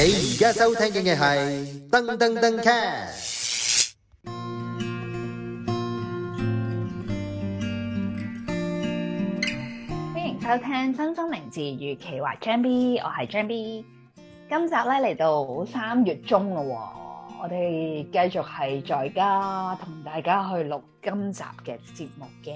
你而家收聽嘅係噔噔噔 cast。歡迎收聽《真心名字》，與其話張 B，我係張 B。今集咧，嚟到三月中咯，我哋繼續係在家同大家去錄今集嘅節目嘅。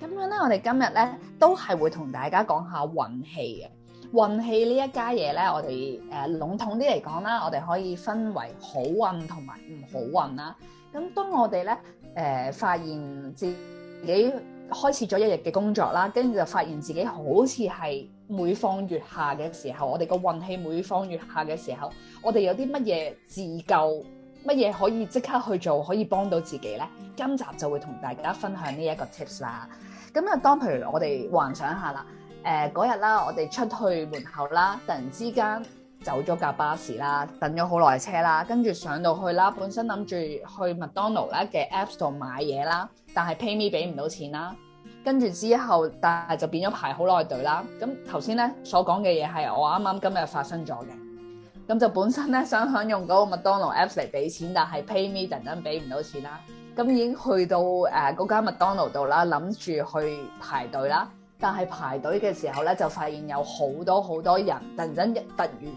咁樣咧，我哋今日咧都係會同大家講下運氣嘅。運氣呢一家嘢呢，我哋誒、呃、籠統啲嚟講啦，我哋可以分為好運同埋唔好運啦。咁當我哋呢，誒、呃、發現自己開始咗一日嘅工作啦，跟住就發現自己好似係每況愈下嘅時候，我哋個運氣每況愈下嘅時候，我哋有啲乜嘢自救，乜嘢可以即刻去做，可以幫到自己呢？今集就會同大家分享呢一個 tips 啦。咁啊，當譬如我哋幻想下啦。誒、嗰日啦，我哋出去門口啦，突然之間走咗架巴士啦，等咗好耐車啦，跟住上到去啦，本身諗住去麥當勞咧嘅 Apps 度買嘢啦，但係 PayMe 俾唔到錢啦，跟住之後但係就變咗排好耐隊啦。咁頭先咧所講嘅嘢係我啱啱今日發生咗嘅，咁就本身咧想享用嗰個麥當勞 Apps 嚟俾錢，但係 PayMe 突然間俾唔到錢啦，咁已經去到誒、嗰間麥當勞度啦，諗住去排隊啦。但係排隊嘅時候咧，就發現有好多好多人，突然間突如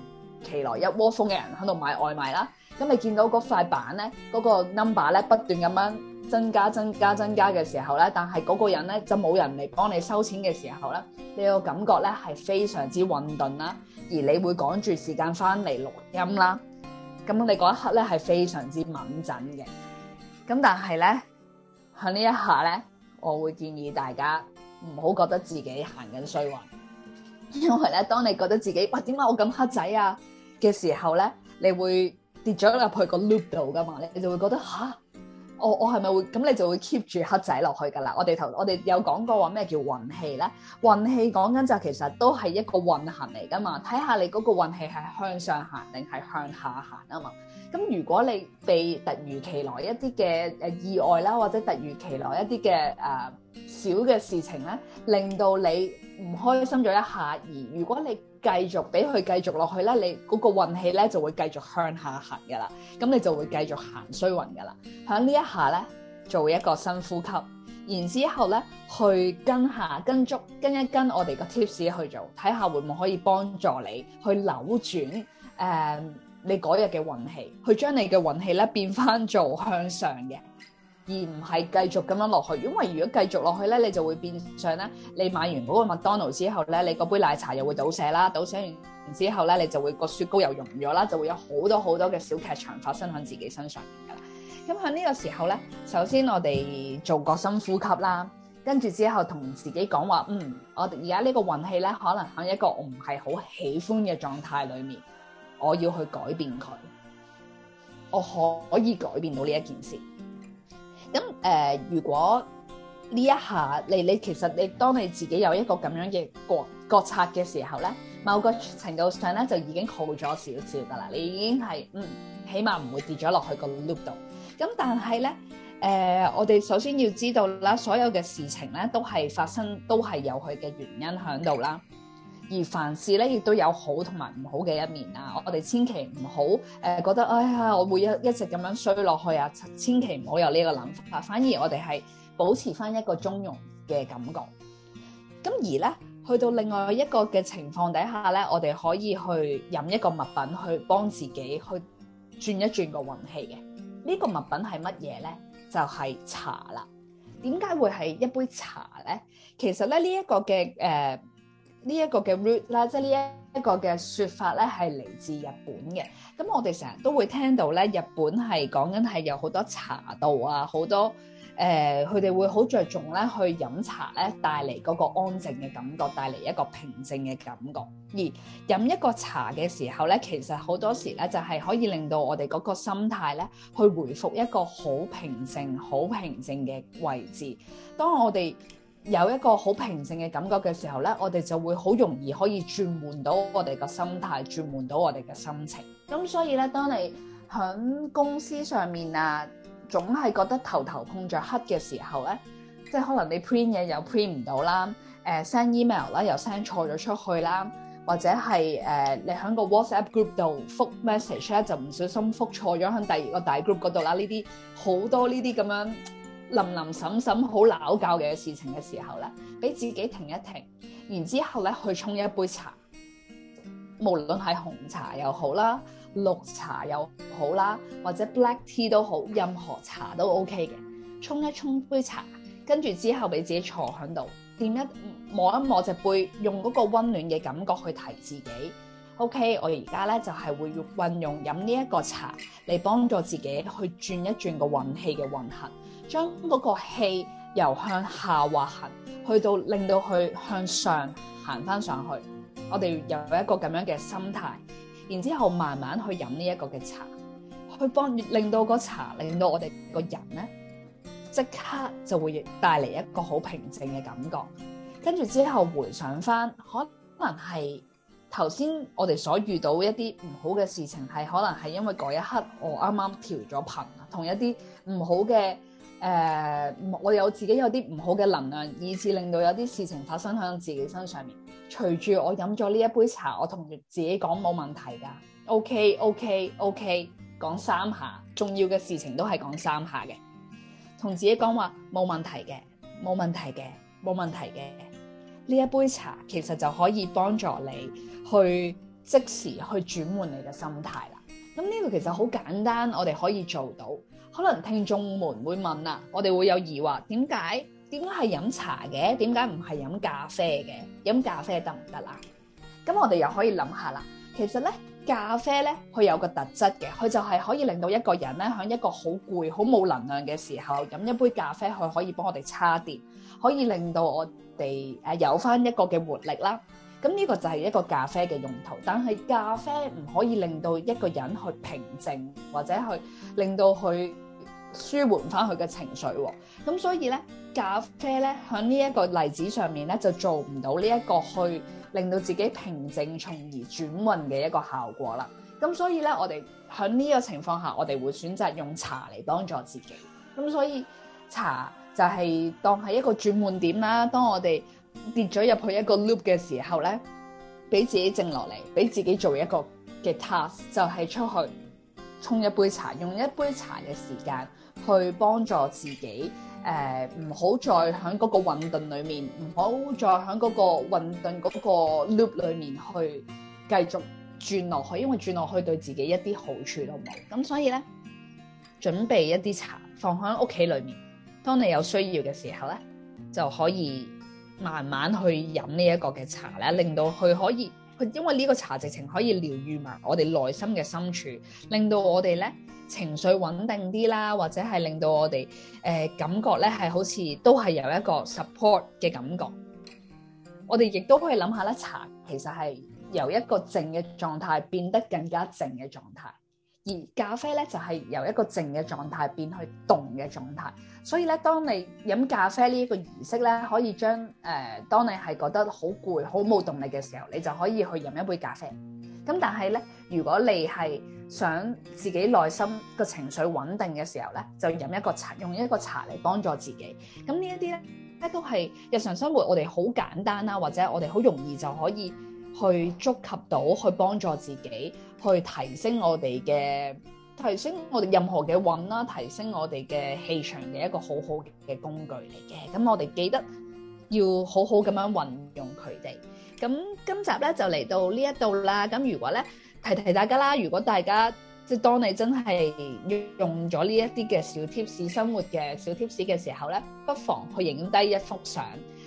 其來一窩蜂嘅人喺度買外賣啦。咁你見到嗰塊板咧，嗰個 number 咧不斷咁樣增加、增加、增加嘅時候咧，但係嗰個人咧就冇人嚟幫你收錢嘅時候咧，你個感覺咧係非常之混沌啦，而你會趕住時間翻嚟錄音啦。咁你嗰一刻咧係非常之敏準嘅。咁但係咧喺呢一下咧，我會建議大家。唔好覺得自己行緊衰運，因為咧，當你覺得自己，喂，點解我咁黑仔啊嘅時候咧，你會跌咗入去個 loop 度噶嘛。你你就會覺得吓，我我係咪會咁？你就會 keep 住黑仔落去噶啦。我哋頭我哋有講過話咩叫運氣咧？運氣講緊就其實都係一個運行嚟噶嘛，睇下你嗰個運氣係向上行定係向下行啊嘛。咁如果你被突如其來一啲嘅誒意外啦，或者突如其來一啲嘅誒。呃小嘅事情咧，令到你唔開心咗一下，而如果你繼續俾佢繼續落去咧，你嗰個運氣咧就會繼續向下行噶啦，咁你就會繼續行衰運噶啦。響呢一下咧，做一個深呼吸，然之後咧去跟下跟足跟一跟我哋個 tips 去做，睇下會唔會可以幫助你去扭轉誒、呃、你嗰日嘅運氣，去將你嘅運氣咧變翻做向上嘅。而唔係繼續咁樣落去，因為如果繼續落去咧，你就會變相咧。你買完嗰個麥當勞之後咧，你嗰杯奶茶又會倒瀉啦，倒瀉完之後咧，你就會個雪糕又溶咗啦，就會有好多好多嘅小劇場發生喺自己身上面噶啦。咁喺呢個時候咧，首先我哋做個深呼吸啦，跟住之後同自己講話：嗯，我而家呢個運氣咧，可能喺一個我唔係好喜歡嘅狀態裡面，我要去改變佢，我可可以改變到呢一件事。咁誒、呃，如果呢一下你你其實你當你自己有一個咁樣嘅國國策嘅時候咧，某個程度上咧就已經好咗少少噶啦，你已經係嗯，起碼唔會跌咗落去個 loop 度。咁但係咧誒，我哋首先要知道啦，所有嘅事情咧都係發生都係有佢嘅原因喺度啦。而凡事咧，亦都有好同埋唔好嘅一面啊！我哋千祈唔好誒覺得，哎呀，我會一一直咁樣衰落去啊！千祈唔好有呢個諗法啊。反而我哋係保持翻一個中庸嘅感覺。咁而咧，去到另外一個嘅情況底下咧，我哋可以去飲一個物品去幫自己去轉一轉個運氣嘅。呢個物品係乜嘢咧？就係茶啦。點解會係一杯茶咧？其實咧，呢一個嘅誒。呃呢一個嘅 root 啦，即係呢一一個嘅説法咧，係嚟自日本嘅。咁我哋成日都會聽到咧，日本係講緊係有好多茶道啊，好多誒，佢哋會好着重咧去飲茶咧，帶嚟嗰個安靜嘅感覺，帶嚟一個平靜嘅感覺。而飲一個茶嘅時候咧，其實好多時咧就係可以令到我哋嗰個心態咧，去回復一個好平靜、好平靜嘅位置。當我哋有一個好平靜嘅感覺嘅時候呢，我哋就會好容易可以轉換到我哋個心態，轉換到我哋嘅心情。咁所以呢，當你喺公司上面啊，總係覺得頭頭碰着黑嘅時候呢，即係可能你 print 嘢又 print 唔到啦，誒、呃、send email 啦又 send 錯咗出去啦，或者係誒、呃、你喺個 WhatsApp group 度覆 message 咧、啊、就唔小心覆錯咗喺第二個大 group 嗰度啦，呢啲好多呢啲咁樣。淋淋沈沈好鬧交嘅事情嘅時候咧，俾自己停一停，然之後咧去沖一杯茶，無論係紅茶又好啦，綠茶又好啦，或者 black tea 都好，任何茶都 OK 嘅，沖一沖杯茶，跟住之後俾自己坐喺度，點一摸一摸隻杯，用嗰個溫暖嘅感覺去提自己。O.K. 我而家咧就係、是、會要運用飲呢一個茶嚟幫助自己去轉一轉個運氣嘅運行，將嗰個氣由向下滑行去到令到佢向上行翻上去。我哋有一個咁樣嘅心態，然之後慢慢去飲呢一個嘅茶，去幫令到個茶，令到我哋個人呢，即刻就會帶嚟一個好平靜嘅感覺。跟住之後回想翻，可能係。頭先我哋所遇到一啲唔好嘅事情，係可能係因為嗰一刻我啱啱調咗頻啊，同一啲唔好嘅誒、呃，我有自己有啲唔好嘅能量，以致令到有啲事情發生向自己身上面。隨住我飲咗呢一杯茶，我同自己講冇問題㗎，OK OK OK，講三下，重要嘅事情都係講三下嘅，同自己講話冇問題嘅，冇問題嘅，冇問題嘅。呢一杯茶其實就可以幫助你去即時去轉換你嘅心態啦。咁呢個其實好簡單，我哋可以做到。可能聽眾們會問啊，我哋會有疑惑，點解點解係飲茶嘅？點解唔係飲咖啡嘅？飲咖啡得唔得啦？咁我哋又可以諗下啦。其實咧。咖啡咧，佢有個特質嘅，佢就係可以令到一個人咧，喺一個好攰、好冇能量嘅時候，飲一杯咖啡，佢可以幫我哋叉電，可以令到我哋誒、呃、有返一個嘅活力啦。咁呢個就係一個咖啡嘅用途。但係咖啡唔可以令到一個人去平靜，或者去令到佢。舒緩翻佢嘅情緒喎、哦，咁所以呢，咖啡呢，喺呢一個例子上面呢，就做唔到呢一個去令到自己平靜，從而轉運嘅一個效果啦。咁所以呢，我哋喺呢個情況下，我哋會選擇用茶嚟幫助自己。咁所以茶就係當係一個轉換點啦。當我哋跌咗入去一個 loop 嘅時候呢，俾自己靜落嚟，俾自己做一個嘅 task，就係、是、出去沖一杯茶，用一杯茶嘅時間。去幫助自己，誒唔好再喺嗰個混沌裏面，唔好再喺嗰個混沌嗰個 loop 裏面去繼續轉落去，因為轉落去對自己一啲好處都冇。咁所以咧，準備一啲茶放喺屋企裏面，當你有需要嘅時候咧，就可以慢慢去飲呢一個嘅茶咧，令到佢可以。佢因為呢個茶直情可以療癒埋我哋內心嘅深處，令到我哋咧情緒穩定啲啦，或者係令到我哋誒、呃、感覺咧係好似都係有一個 support 嘅感覺，我哋亦都可以諗下咧，茶其實係由一個靜嘅狀態變得更加靜嘅狀態。而咖啡咧就係由一個靜嘅狀態變去動嘅狀態，所以咧，當你飲咖啡呢一個儀式咧，可以將誒，當你係覺得好攰、好冇動力嘅時候，你就可以去飲一杯咖啡。咁但係咧，如果你係想自己內心個情緒穩定嘅時候咧，就飲一個茶，用一個茶嚟幫助自己。咁呢一啲咧，咧都係日常生活我哋好簡單啦，或者我哋好容易就可以。去觸及到，去幫助自己，去提升我哋嘅提升我哋任何嘅運啦，提升我哋嘅氣場嘅一個好好嘅工具嚟嘅。咁我哋記得要好好咁樣運用佢哋。咁今集咧就嚟到呢一度啦。咁如果咧提提大家啦，如果大家即係當你真係用咗呢一啲嘅小貼士生活嘅小貼士嘅時候咧，不妨去影低一幅相。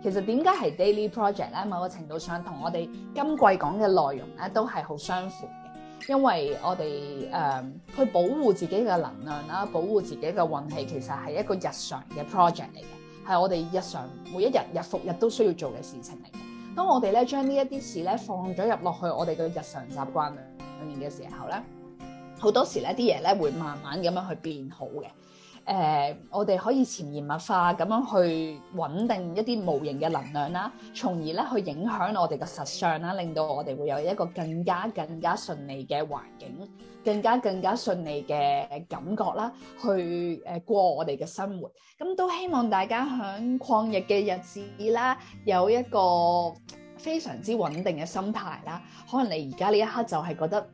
其實點解係 daily project 咧？某個程度上同我哋今季講嘅內容咧都係好相符嘅，因為我哋誒、呃、去保護自己嘅能量啦，保護自己嘅運氣，其實係一個日常嘅 project 嚟嘅，係我哋日常每一日日復日都需要做嘅事情嚟嘅。當我哋咧將呢一啲事咧放咗入落去我哋嘅日常習慣裏面嘅時候咧，好多時咧啲嘢咧會慢慢咁樣去變好嘅。誒、呃，我哋可以潛移默化咁樣去穩定一啲無形嘅能量啦，從而咧去影響我哋嘅實相啦，令到我哋會有一個更加更加順利嘅環境，更加更加順利嘅感覺啦，去誒、呃、過我哋嘅生活。咁、嗯、都希望大家響抗疫嘅日子啦，有一個非常之穩定嘅心態啦。可能你而家呢一刻就係覺得誒、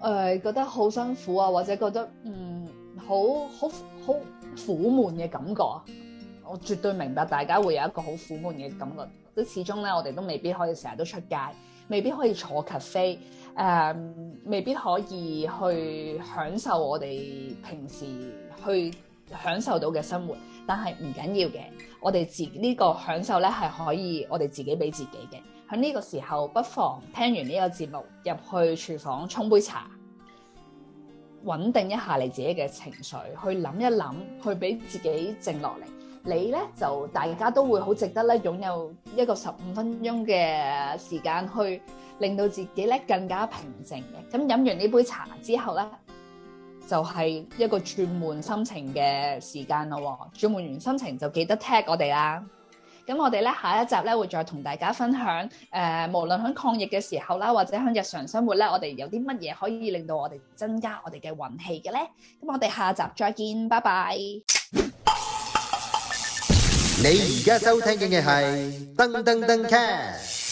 呃，覺得好辛苦啊，或者覺得嗯好好。好苦悶嘅感覺，我絕對明白大家會有一個好苦悶嘅感覺。即始終咧，我哋都未必可以成日都出街，未必可以坐 cafe，誒、呃，未必可以去享受我哋平時去享受到嘅生活。但係唔緊要嘅，我哋自呢、這個享受咧係可以我哋自己俾自己嘅。喺呢個時候，不妨聽完呢個節目，入去廚房沖杯茶。穩定一下你自己嘅情緒，去諗一諗，去俾自己靜落嚟。你咧就大家都會好值得咧，擁有一個十五分鐘嘅時間去令到自己咧更加平靜嘅。咁飲完呢杯茶之後咧，就係一個轉換心情嘅時間咯喎。轉換完心情就記得 tag 我哋啦。咁我哋咧下一集咧會再同大家分享，誒、呃，無論喺抗疫嘅時候啦，或者喺日常生活咧，我哋有啲乜嘢可以令到我哋增加我哋嘅運氣嘅咧？咁我哋下集再見，拜拜。你而家收聽嘅係噔噔噔 c